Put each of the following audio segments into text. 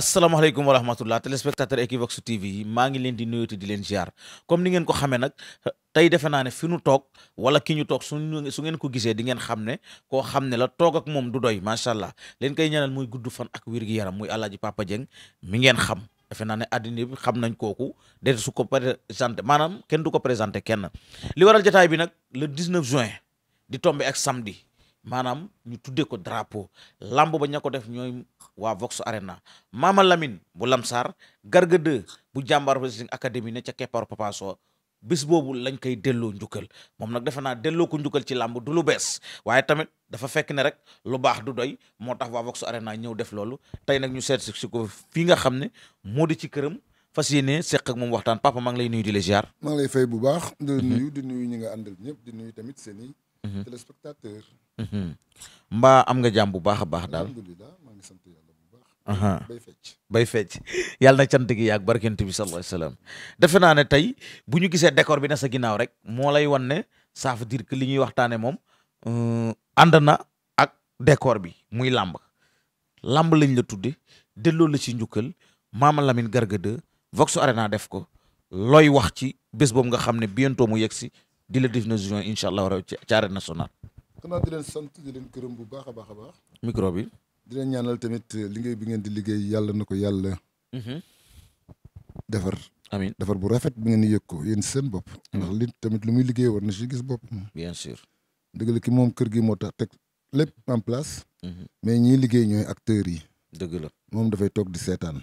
asalaamaaleykum wa rahmatullah téléspectateur Equivox TV yi maa ngi leen di nuyooti di leen ziar comme ni ngeen ko xamee nag tey defe naa ne fi nu toog wala ki ñu toog su su ngeen ko gisee di ngeen xam ne koo xam ne la toog ak moom du doy macha allah leen koy ñaanal muy gudd fan ak wér gi yaram muy Alaaji Papa Dieng mi ngeen xam defe naa ne àddina xam nañ kooku de su ko présenté maanaam kenn du ko présenté kenn li waral jotaay bi nag le 19 juin di tombé ak samedi maanaam ñu tuddee ko drapeau lamb ba ña ko def ñooy. waa Vox Arena Mama Lamine bu Lamsar Garga 2 bu jàmbaar wrestling académie ne ca keppaaru Papa Sow bis boobu lañ koy delloo njukkal moom nag defe naa delloo ko njukkal ci làmb du lu bees waaye tamit dafa fekk ne rek lu baax du doy moo tax waa Vox Arena ñëw def loolu tey nag ñu seet si ko fii nga xam ne moo di ci këram fas yéene seq ak moom waxtaan papa maa ngi lay nuyu di la ziar. maa ngi fay bu baax. Mhm. di nuyu di nuyu ñi nga àndal ñëpp di nuyu tamit seen i. Mhm. téléspectateur. Mhm. mbaa am nga jàmm bu baax a baax daal. alhamdulilah maa ngi bay fecc bay fecc yàlla na cant gi yaag barkent bi sallallahu alayhi wasallam defe naa ne tey bu ñu gisee décor bi na sa ginnaaw rek moo lay wan ne ça veut dire li ñuy waxtaane moom euh, ànd na ak décor bi muy làmb làmb lañ la tudde delloo la ci njukkal Mama Lamine Garga 2 Vox Arena def ko looy wax ci bés boobu nga xam ne bientôt mu yegg si di la 19 juin incha allah raw ci arène bu baax a baax a baax. micro bi. di leen ñaanal tamit euh, liggéey bi ngeen di liggéey yàlla na ko yàlla. Mhm. defar. amiin defar bu rafet bi ngeen yëg ko yéen seen bopp. Mhm. ndax li tamit lu muy liggéey war na si gis bopp. bien sûr. dëgg ki moom kër gi moo tax teg lépp en place. Mhm. mais ñiy liggéey ñooy acteurs yi. dëgg moom dafay toog di seetaan.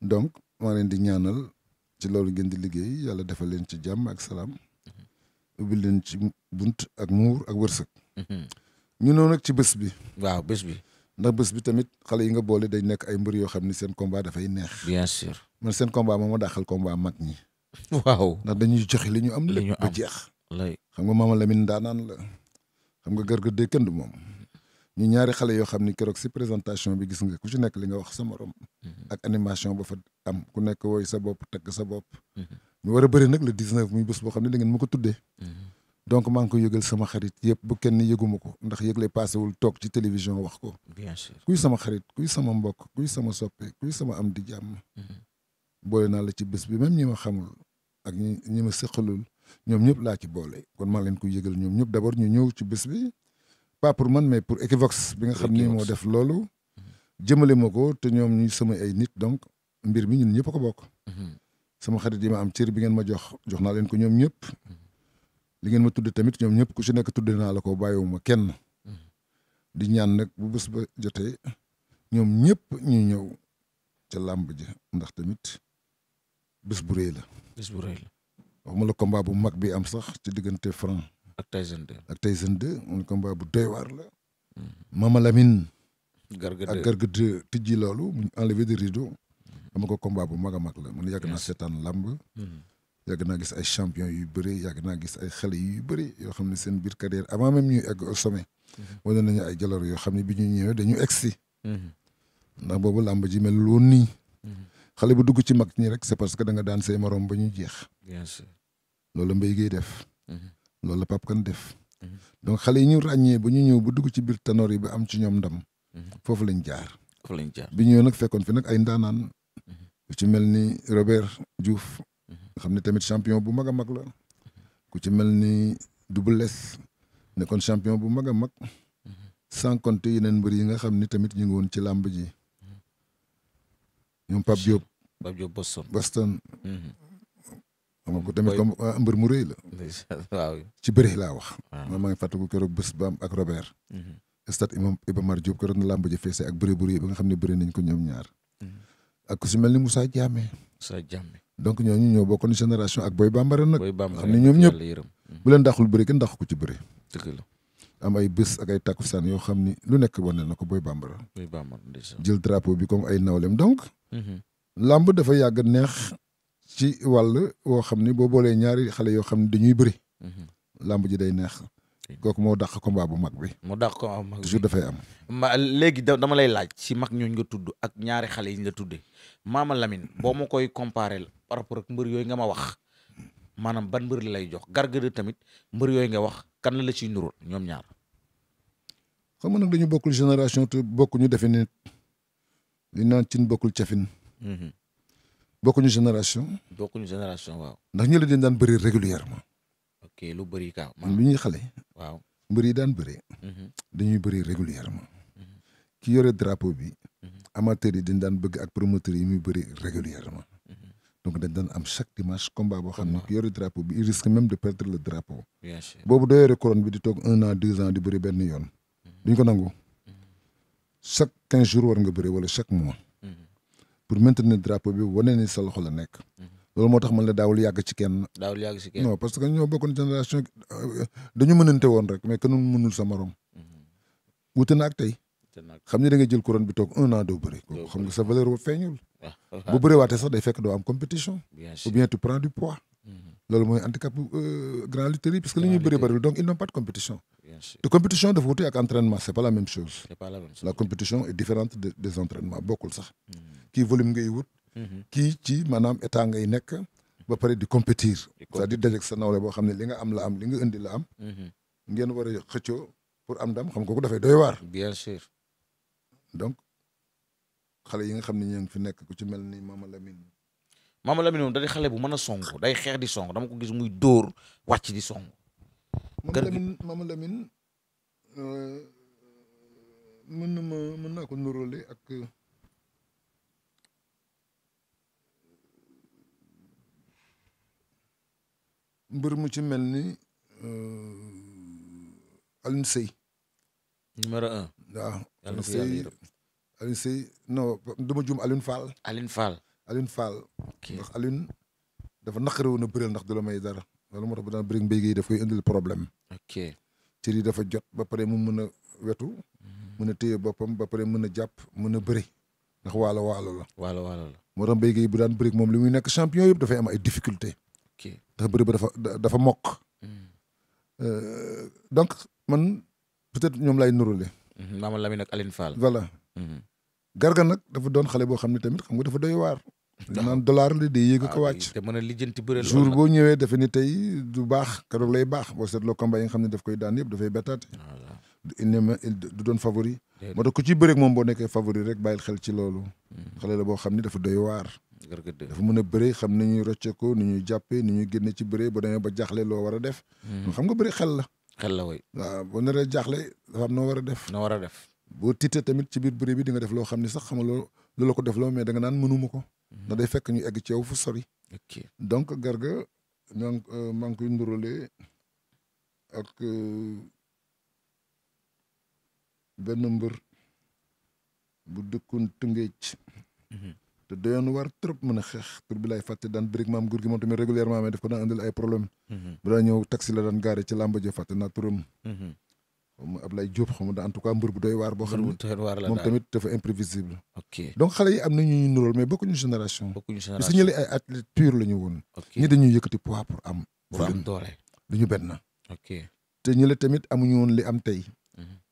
donc maa leen di ñaanal ci loolu ngeen di liggéey yàlla defal leen ci jàmm ak salaam. ubbil leen ci bunt ak muur ak wërsëg. ñu noonu nag ci bés bi. bés bi. ndax bés bi tamit xale yi nga boole day nekk ay mbër yoo xam ni seen combat dafay neex. bien sûr man seen combat moom ma daaxal combat mag ñi. waaw ndax dañuy joxe li ñu am. li ñu am ba jeex. xam nga Mama Lamine la xam nga gërgër dee kenn du moom. ñu ñaari xale yoo xam ni keroog si présentation bi gis nga ku ci nekk li nga wax sa morom. Mhm. ak animation ba fa am ku nekk woy sa bopp teg sa bopp. Mhm. ñu war a bëri nag le 19 muy boo xam ne da ngeen ma ko tuddee. Mhm. donc maa ngi ko yëgal sama xarit yëpp bu kenn yëguma ko ndax yëgle paasewul toog ci télévision wax ko. bien sûr kuy sama xarit kuy sama mbokk kuy sama soppe kuy sama am di jàmm. Mhm. boole naa la ci bés bi même ñi ma xamul ak ñi ñi ma sëqalul ñoom ñëpp laa ci boole kon man leen koy yëgal ñoom ñëpp d' abord ñu ñëw ci bés bi pas pour man mais pour Equivox bi nga xam ni moo def loolu. Mhm. jëmale ma ko te ñoom ñu sama ay nit donc mbir mi ñun ñëpp ko bokk. Mhm. sama xarit yi ma am cër bi ngeen ma jox jox naa leen ko ñoom ñëpp. li ngeen ma tudd tamit ñoom ñëpp ku ci nekk tudd naa la ko bàyyiwuma kenn di ñaan nag bu bés ba jotee ñoom ñëpp ñu ñëw ca làmb ji ndax tamit bés bu rëy la. bés bu rëy mag bi am sax ci diggante Franc. ak Tyson 2 ak Tyson 2 bu doy waar la. Mm-hmm. Mama Lamine. Garga 2 ak Garga 2 mm-hmm. tijji loolu mu enlevé de rideau. dama ko bu mag mag la man yàgg naa seetaan yàgg naa gis ay champion yu bëri yàgg naa gis ay xale yu bëri yoo xam ne seen biir carrière avant même ñuy egg au sommet. Mhm. wane nañu ay jaloor yoo xam ne bi ñu ñëwee dañu egg si. Mhm. ndax boobu làmb ji mel woon nii. Mhm. xale bu dugg ci mag ñi rek c'est parce que da nga daan say morom ba ñu jeex. bien sûr loolu la Mbaye def. loolu la Pape Kane def. donc xale yi ñu ràññee ba ñu ñëw bu dugg ci biir tanoor yi ba am ci ñoom ndam. foofu la jaar. foofu lañ jaar bi ñëw nag fekkoon fi nag ay ndaanaan. ci mel ni Robert Diouf. xam ne tamit champion bu mag a mag la ku ci mel ni Double Less nekkoon champion bu mag a mag sans compter yeneen mbër yi nga xam ni tamit ñu ngi ci làmb ji ñoom Pape Diop. Pape Diop Boston Boston. Mhm. xam ko tamit comme ah, mu rëy la. waaw ci bëri laa wax. waaw ah. man maa ngi fàttaliku keroog bés baam ak Robert. Mhm. stade imam Iba Mar Diop keroog na làmb ji feese ak bëri bu rëy nga xam ne bëri nañ ko ñoom ñaar. Mhm. ak ku si mel ni Moussa Diame. Moussa donc ñooñu ñoo bokkoon génération ak Boy Bambara nag. Boy Bambara xam ne ñoom ñëpp bu leen dàqul bëri kenn dàqu ko ci bëri. dëgg la am ay bés ak ay takkusaan yoo xam ni lu nekk wane na ko Boy Bambara. Boy Bambara jël bi comme ay nawleem donc. Mhm. làmb dafa yàgg neex ci wàll woo xam ni boo boolee ñaari xale yoo xam ni dañuy bëri. Mhm. làmb ji day neex. kooku moo dàq combat bu mag bi. moo dàq combat bu mag bi toujours dafay am. ma léegi dama lay laaj si mag ñooñu nga tudd ak ñaari xale yi ñu la tuddee maama Lamine boo ma koy comparé par rapport ak mbër yooyu nga ma wax maanaam ban mbër lay jox gargade tamit mbër yooyu nga wax kan la ciy nurul ñoom ñaar. xam nga nag dañu bokkul génération te bokkuñu defe nit li naan cin bokkul cafin. Mhm. bokkuñu génération. bokkuñu génération waaw. ndax ñu la dañ daan bëri régulièrement fekkee lu bëri kaaw. lu ñuy xale. waaw mbër yi daan bëree. Mhm. dañuy bëri régulièrement. Mhm. ki yore drapeau bi. Mhm. amateurs yi dañ daan bëgg ak promoteurs yi muy bëri régulièrement. donc dañ daan am chaque dimanche combat boo xam ne ku yore drapeau bi il risque même de perdre le drapeau. bien sûr boobu doo yore couronne bi di toog un an deux ans di bëri benn yoon. duñ ko nangu. chaque quinze jours war nga bëri wala chaque mois. pour maintenir drapeau bi wane ni sa la nekk. loolu moo tax man la daawul yàgg ci kenn. daawul yàgg ci kenn non parce que ñoo bokkoon génération euh, dañu mënante woon rek mais kenn mënul sa morom. Mhm. wute na tey. xam ne da nga jël couronne bi toog un an doo bëri. kooku xam nga sa valeur boobu feeñul. bu bëree waatee sax day fekk doo am compétition. ou bien tu prends du poids. Mhm. loolu mooy handicap euh, grand lutteur yi parce que li ñuy donc ils n'ont pas de compétition. te compétition dafa wute ak c'est pas la même chose. la même Mhm. kii ci maanaam état ngay nekk ba pare di compétir c'est-à-dire sa nawle boo xam ne li nga am la am li nga indi la am mhm. ngeen war a pour am ndam xam nga ko dafay doy waar bien sûr donc xale yi nga xam ne ñoo ngi fi nekk ku ci mel ni Mama Lamine Mama Lamine moom da di xale bu mën a song day xeex di song dama ko gis muy dóor wàcc di song Mama Lamine Mama Lamine euh, mën na ma mën naa ko nuróole mbër mu ci mel ni euh, Alioune Seye. numéro un. waaw Alioune Seye Alioune Seye ma juum Alioune Fall. Alioune Fall. Alioune Fall. ndax Alioune dafa naq woon a bëreel ndax du may dara loolu moo bu daan bëri mbéy gi daf indil problème. ok cër yi dafa jot ba pare mu mën a wetu. Mhm. mën a téye boppam ba pare mën a jàpp mën a bëri. ndax waalo waalo la. waalo waalo la. moo tax mbéy gi bu daan bëri moom li muy nekk champion yëpp dafa am ay difficulté ndax bëri ba dafa dafa mokk. Hmm. Euh, donc man peut-être ñoom lay nurule. Hmm, Maama Lamine ak Aline Fall. voilà. Hmm. garga nag dafa doon xale boo xam ne tamit xam nga dafa doy waar. naan dollar li day yéeg ko ah, wàcc. te mën a lijjanti bëre jour boo ñëwee defe ni tey du baax keroog lay baax boo seetloo combat yi nga xam ne daf koy daan yëpp dafay bettaate. du doon favori. moo tax ku ci bëreeg moom boo nekkee favori rek bàyyil xel ci loolu. xale la boo xam ne dafa doy waar. gërgëd dafa mën a bëre xam ni ñuy rocce ko ni ñuy jàppee ni ñuy génne ci bëre ba demee ba jaaxle loo war a def. Hmm. xam nga bëri xel la. xel la way waaw boo naree jaaxle dafa noo war a def. noo war a def. boo tiitee tamit ci biir bëre bi di nga def loo xam ni sax xamaloo lu la ko def loo mais da nga naan mënuma ko. Hmm. ndax day fekk ñu egg ci yow fu sori. ok donc garga ñoo euh, maa ngi koy ndurolee ak euh, benn mbër bu dëkkoon Tëngéej. Hmm. te doyoon trop mën a xeex tur bi lay fàtte daan bëri maam góor moom tamit régulièrement mais daf ko daan andil ay problème mhm. bu daan ñëw taxi la daan gaare ci làmba jo naa turam mhm. xaw ma Ablaye Diop xaw ma mbër bu doy waar boo xam ne tamit dafa imprévisible donc xale yi am na ñu ñu nuróol mais bokkuñu génération génération parce ñële ay athlète pur la ñu yëkkati poids pour am pour am te ñële tamit amuñu woon li am tey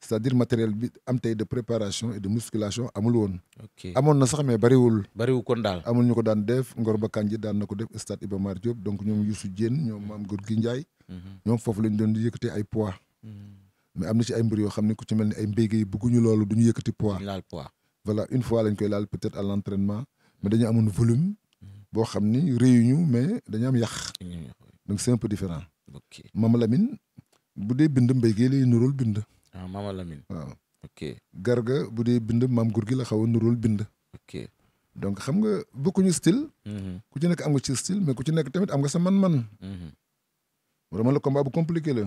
c'est-à-dire matériel bi am tey de préparation et de musculation amul woon. ok amoon na sax mais bariwul. bariwul kon daal amul ñu ko daan def Ngor ba Kandji daan na ko def stade Iba Mar Diop donc ñoom Youssou Dieng ñoom Mame Gorgui Ndiaye. Mhm. ñoom foofu lañ doon yëkkatee ay poids. Mhm. mais am na si ay mbir yoo xam ne ku ci mel ni ay mbéyge yi bëgguñu loolu du ñu yëkkati poids. laal poids voilà une fois lañ koy laal peut-être à l'entraînement mais dañu amoon volume. Mhm. boo xam ni ñu mais dañu am yàq. donc c'est un peu différent. ok Mama Lamine bu dee bind mbéyge lay nuróol bind. ah Mama Lamine. waaw ok garga bu dee bind maam gur gi la xaw a bind. donc xam nga bokkuñu style. Mm-hmm. ku ci nekk am nga ci style mais ku ci nekk tamit am nga sa man-man. Mm-hmm. vraiment la combat bu compliqué la.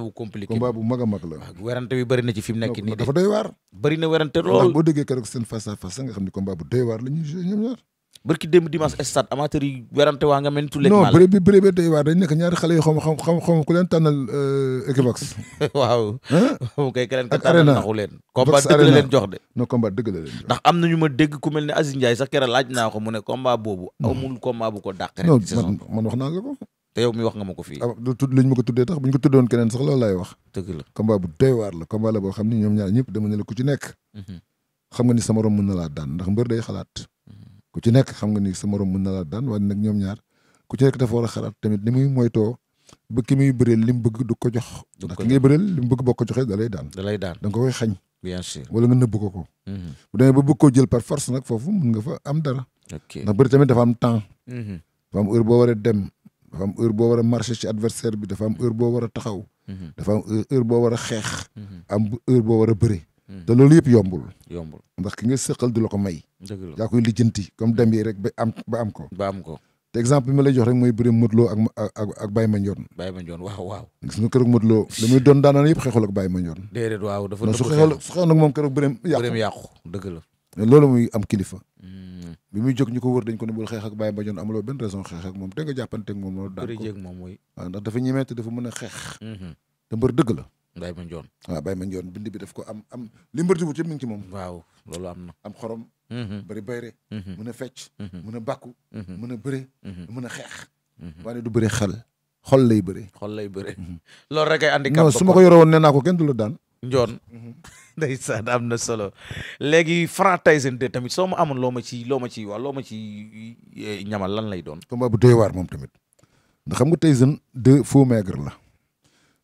bu compliqué combat bu mag a mag la. waaw werante bi bëri ci fi mu nekk nii. dafa doy waar. bëri na lool. boo déggee keroog seen face à nga xam ni combat bu doy waar la ñuy joué ñoom ñaar. barki démb dimanche stade amateur yi werante waa nga mel ni tulleeg non bëri bi bëri bi tey waa nekk ñaari xale yoo xam xam xam xam ku leen tànnal euh, la leen jox de non combat dëgg la ndax am nañu ma dégg ku mel ne Aziz Ndiaye sax kera laaj naa ko mu ne combat boobu amul combat ko dàq non man man wax naa la ko te yow mi wax nga ah, tuddee tax bu ñu ko tuddoon keneen sax loolu laay wax dëgg la combat bu doy waar la combat la boo xam ni ñoom ñaar ñëpp dama ne la ku ci nekk mhm. xam nga ni sama rom mën na laa daan ndax mbër day xalaat ku ci nekk xam nga ni sa morom mën na laa daan waaye nag ñoom ñaar ku ci nekk a xalaat tamit ni muy moytoo ba ki muy bëreel li mu bëgg du ko jox. ndax ki ngay bëreel li mu bëgg boo ko joxee da daan. da daan da nga koy xañ. bien sûr wala nga nëbb ko mhm. bu demee ba bëgg koo jël par force nag foofu mun nga fa am dara. ndax bëri tamit dafa am temps. Mhm. dafa am boo war a dem. dafa am boo war a marché ci adversaire bi dafa am heure boo war a taxaw. Mhm. dafa am boo war a xeex. am heure boo war a bëri. Hmm. te loolu yëpp yombul. yombul ndax ki nga sëqal du la ko may. yaa koy lijjanti comme dem yi rek ba am ko. ba am ko te exemple bi ma lay jox rek mooy bëri Modou Lo ak ak ak Baye Mandione. Baye Mandione waaw waaw. gis nga kër muy doon daanaka yëpp xeexul ak Baye Mandione. déedéet waaw dafa su moom kër ak loolu am kilifa. Hmm. bi ñu ko wër ko ne bul xeex ak Baye Mandione amuloo benn raison xeex ak moom te nga jàppanteeg moom loolu daan ko bëri jéeg moom waaw ndax dafa ñemee te dafa mën a xeex. Hmm. te mbër dëgg la Baye Mandione waaw Baye Mandione bi daf ko am am li mbër di wut yëpp mi ngi loolu am na am xorom mhm. bëri bayre mhm. mën a fecc mhm. mën a bàkku mën a bëre mën a xeex waaye du bëri xel xol lay bëri xol lay bëri loolu rek ay handicap non su ma ko yore woon nee naa ko kenn du la daan Njoon ndeysaan am na solo léegi Franc Tyson 2 tamit soo ma amoon loo ma ci loo ma ci waa ma ci eh, ñamal lan lay doon combat bu doy waar moom tamit ndax nga Tyson 2 faux maigre la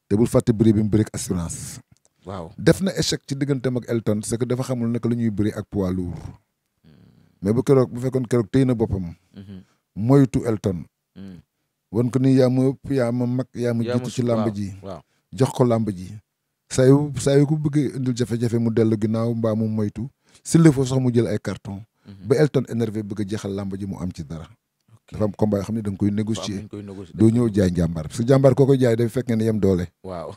te bul fàtte bëri bi mu bëri assurance. waaw def na échec ci digganteem ak Elton c'est que dafa xamul naka la ñuy bëri ak poids lourd. mais bu keroog bu fekkoon keroog téy na boppam. Mm-hmm. moytu Elton. Mm. wan ni yaa ma ëpp yaa ma mag yaa ma jiitu ci làmb jox ko làmb ji. saa yu saa yu ko bëggee indil jafe-jafe mu dellu ginnaaw mbaa mu moytu s'il le faut sax mu jël ay carton mm-hmm. ba Elton énervé bëgg a jeexal làmb ji mu am ci dara. dafa am combat xam ne da nga koy négocier doo ñëw jaay jàmbaar parce que jàmbaar koo koy jaay dafay fekk nga ne yem doole waaw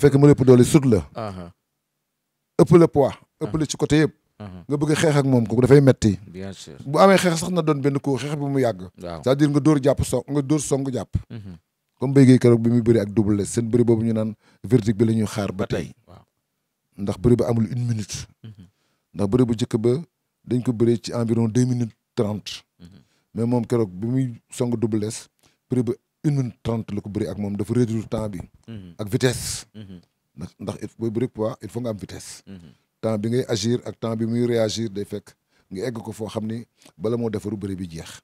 fekk mu ëpp doole sut la uh-huh. ëpp la poids ëpp la uh-huh. ci côté yëpp uh-huh. nga bëgg xeex ak moom kooku dafay metti bien sûr bu amee xeex sax na doon benn ko xeex bu mu yàgg c'est-à-dire nga dóor jàpp song nga dóor song jàpp mm-hmm. comme béygey keroog bi muy bëri ak double les seen bëri boobu ñu naan verdict bi la ñuy xaar ba tey ndax bëri ba amul une minute mm-hmm. ndax bëri bu jëkk ba dañ ko bëree ci environ deux minutes trente mm-hmm. mais moom keroog bu muy song Double Less prix ba une minute trente la ko bëri ak moom dafa réduire temps bi. Mhm. ak vitesse. Mhm. ndax ndax il faut bëri poids il faut nga am vitesse. Mhm. temps bi ngay agir ak temps bi muy réagir day fekk nga egg ko foo xam ni bala moo defaru bëri bi jeex.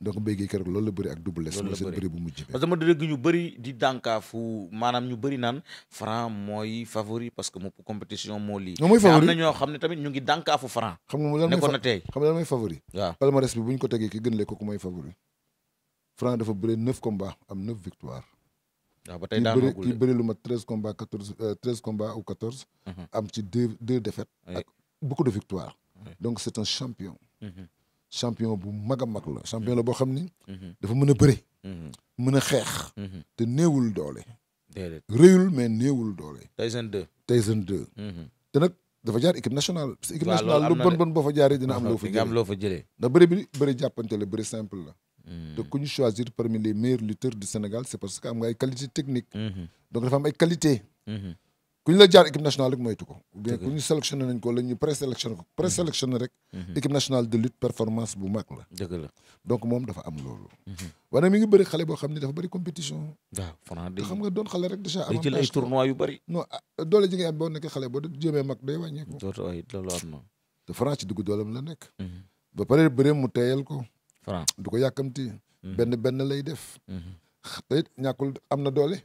donc Mbaye Guèye keroog loolu la bëri ak Double Less. loolu la bëri bëri bu mujj. parce que ma dégg ñu di dànkaafu maanaam ñu bëri naan Franc mooy favori parce que mu compétition moo lii. mooy favori am ne tamit ñu ngi dànkaafu Franc. xam nga lan mooy nekkoon na tey xam nga lan mooy favori. waaw palmarès bi bu ñu ko tegee ki gën leen mooy favori. Franc dafa bëri neuf combats am neuf victoire. ba tey daanoo guddee kii bëri lu ma treize combats quatorze euh, treize combats ou quatorze. Mhm. am ci deux deux défaites. ak beaucoup victoire. donc c'est un champion. Mhm. champion bu mag a mag la champion la boo xam ni. Mhm. dafa mën a bëre. Mhm. mën a xeex. Mhm. te néewul doole. déedéet rëyul mais néewul doole. Tyson 2. Tyson te nag dafa jaar équipe nationale. parce que équipe nationale lu bon bon boo fa jaaree dina am. loo fa jëlee am loo fa jëlee. ndax bëri bi bëri jàppante la bëri simple la. te ku choisir parmi les meilleurs lutteurs du Sénégal c' parce que am nga ay qualité technique. donc dafa ay qualité. ku ñu la jaar équipe nationale rek moytu nañ ko la ñu rek. Mhm. équipe nationale de performance bu mag la. donc moom dafa am loolu. Mhm. wane mi ngi bëri xale boo xam ne dafa bëri compétition. waaw Franc de xam nga doon xale rek déjà. avantage jël ay tournois yu bëri. non ah, doole ji nga am boo nekkee xale boo jëmee mag day na. te Franc ci dugg doolam mhm. doole.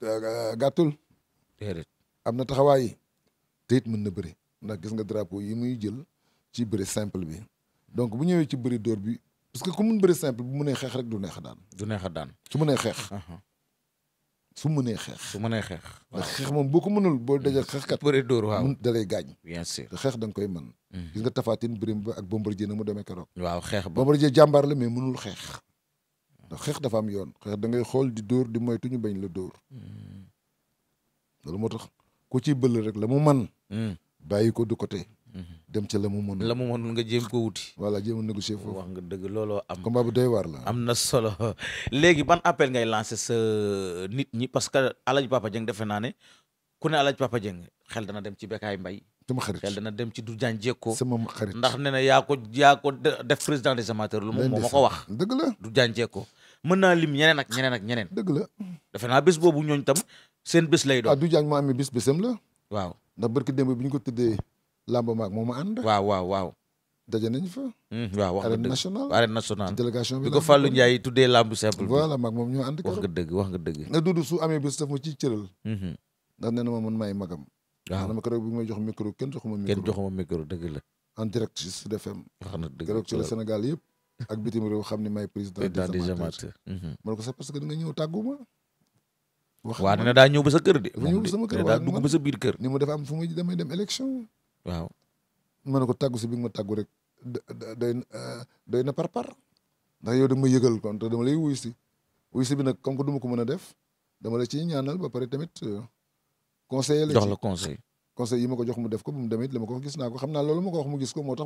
waaw gàttul. déedéet am na taxawaay yi mën na bëri ndax gis nga drapeau yi muy jël ci bëri simple bi donc bu ñëwee ci bëri door bi parce que ku mun bëri simple bu munee xeex rek du neex a daan. du neex a daan su mënee xeex. Uh-huh. su mënee xeex. su mënee xeex. waaw xeex moom boo ko mënul boo dajee mm. xeex kat. bëri dóor waaw mun da lay gaañ. bien sûr te nga koy mën. Mm. gis nga tafaatin bërim ba ak bombardier na mu demee keroog. waaw xeex ba bombardier jàmbaar la mais mënul xeex. ndax xeex dafa am yoon xeex da ngay xool di dóor di moytu ñu bañ la door mm. loolu moo tax ku ci la mu man hmm. bàyyi ko du côté. Hmm. dem ca la mu mën la mu mën nga jéem ko wuti. voilà jéem a négocier foofu wax nga dëgg looloo am. combat bu doy waar la. am na solo léegi ban appel ngay lancer sa euh, nit ñi parce que Alaaji Papa Dieng defe naa ne ku ne Alaaji Papa Dieng xel dana dem ci Bécaye mbay sama xarit xel dana dem ci du jaan jekko sama xarit ndax ne na yaa ko yaa def président des amateurs lu moom moo ma ko wax. dëgg la du jaan jekko mën naa lim ñeneen ak ñeneen ak ñeneen. dëgg la defe naa boobu ñooñ seen bés lay doon. a ah, du jàng moo amee bis bésam la. waaw ndax barki démb bi ñu ko tuddee làmb maag moo ma ànd. waaw waaw waaw. daje nañ fa. Hmm, waaw wax nga dëgg arène nationale bi ko Fallou su amee bés daf ma ciy hmm. ndax nee ma man maay magam. waaw keroog bi may jox micro kenn joxuma micro kenn dëgg la. en direct ci Sud keroog ci la Sénégal yëpp. ak bitim réew xam ne may président des amateurs. Hmm. ma ko sax parce que nga ñëw tàgguma waa ne daa ñëw ba sa kër de. dafa ñëw sama kër daa dugg ba sa biir kër. ni mu dafa am fu muy damay dem élection. waaw. ma ne ko taggu si bi nga ma tàggu rek day euh, day na par par ndax yow dama yëgal kon te dama lay wuy si wuyu si bi nag comme que du ma ko mën a def dama la ciy ñaanal ba pare tamit euh, conseiller la jox la conseil conseil yi ma ko jox mu def ko bu mu demee it la ma ko wax gis naa ko xam naa loolu ma ko wax mu gis ko moo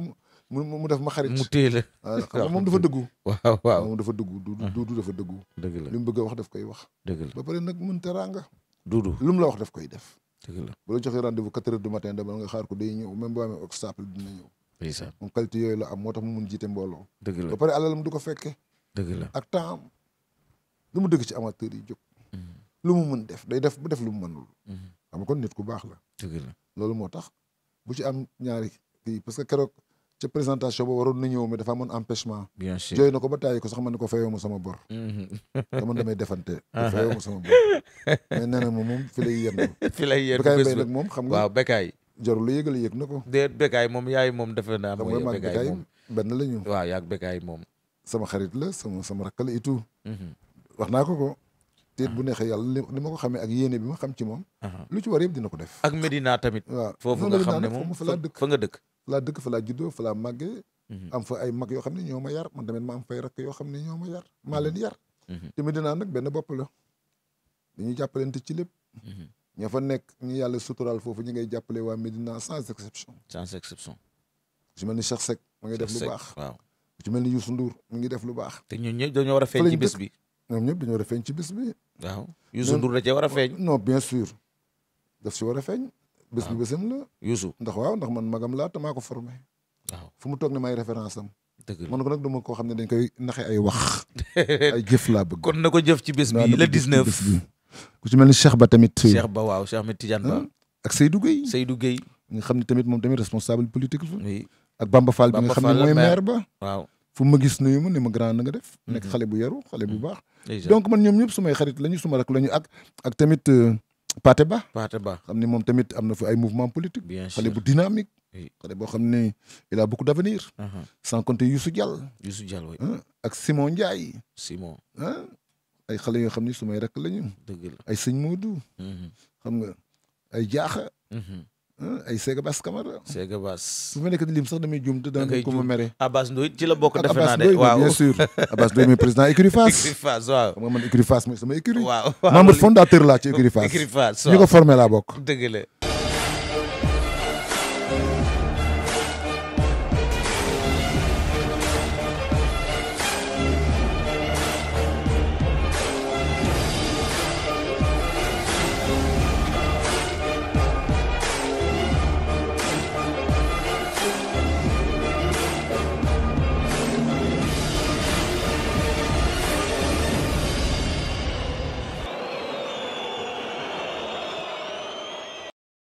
mu def ma xarit mu téele ah, xam moom dafa dëggu waaw waaw moom dafa dëggu duudu dafa dëggu dëgg la li mu bëgg wax daf koy wax dëgg ba pare nag mën teraanga duudu lu mu la wax def koy def dëgg la bu la joxee rendez-vous quatre heures du matin demal nga xaar ko day ñëw même boo amee obstacle dina ñëw ndeysaan moom qualité yooyu la am moo tax mu mun jiite mbooloo la ba pare alalam du ko fekke dëgg la ak temps lu mu dëgg ci amateur yi jóg mm-hmm. lu mu mun def day def bu def lu mu mënul mm-hmm. xam nga kon nit ku baax la dëgg la loolu moo tax bu ci am ñaari kii parce que keroog ca présentation ba waroon na ñëw mais dafa amoon empêchement. bien sûr jooy na ko ba tàyyi ko sax man ne ko fayoo ma sama bor. Mhm. dama damay defante. Ah. fayoo ma sama bor mais nee na ma moom fi lay yëngu. fi lay yëngu bés la bekkaay moom xam nga. waaw bekkaay. jarul la yëgal yëg na ko. déet bekkaay moom yaay moom defe naa. mooy bekkaay moom bekkaay benn la ñu. waaw yaag bekkaay moom. sama xarit la sama sama rakk la et tout. Mhm. wax te bu neexee yàlla li ma ko xamee ak yéene bi ma xam ci moom lu ci war yëpp dina ko def ak Medina tamit waaw foofu nga xam fa ay mag yoo xam ne ñoo ma yar man tamit ma am fay rakk yoo ñoo ma yar maa mhm. leen yar mhm. te Medina nag benn bopp la dañuy jàppalante ci lépp mhm. ña fa nekk ñu yàlla suturaal foofu ñi ngay jàppale wa Medina sans exception sans exception ci mel ni Cheikh Seck ma def lu baax waaw ci mel ni Youssou Ndour mi ngi def lu baax te ñoo ñëpp dañoo war a feeñ ci bi ñoom ñëpp dañoo war feeñ ci bis bi. waaw Youssou Ndour a feeñ. non bien sûr daf si war a bi bésam la. Youssou ndax waaw ndax man magam laa te maa ko formé. waaw fu mu toog ne maay référence am. dëgg man ko nag dama koo xam ne dañ koy naxe ay jëf laa bëgg. kon na ko jëf ci bis bi le 19 ku ci mel ni Cheikh Ba tamit. Cheikh Ba waaw Cheikh Ahmed Tidiane Ba. Ah, ak Seydou Gueye. Seydou Gueye. nga xam ne tamit moom tamit responsable politique la. ak Bamba Fall bi nga xam ne mooy maire ba fu ma gis nuyu ma ni ma grand na nga def. Mhm. nekk xale bu yaru xale bu mhm. baax. donc man ñoom ñëpp sumay xarit lañu suma rak lañu ak ak tamit euh, Pathé Ba. Pathé Ba xam ni moom tamit am na fi ay mouvement politique. bien sûr xale bu dynamique. xale boo xam ni il a beaucoup d' avenir. Mhm. sans compter Youssou Diall. Youssou Diall oui. ak Simon Ndiaye. Simon ah ay xale yoo xam ni sumay rak lañu. dëgg ay sëñ Modou. xam nga ay jaaxa. Ah, ay Séga Bass Camara. Séga Bass. bu ma nekk lim sax damay juum te daan ko ma mere. Abbas Ndoye ci la bokk defe naa de waaw bien sûr. Abbas président écurie Fass. écurie Fass waaw. xam mooy sama écurie. waaw waaw membre laa ci écurie Fass. écurie Fass waaw ñu bokk.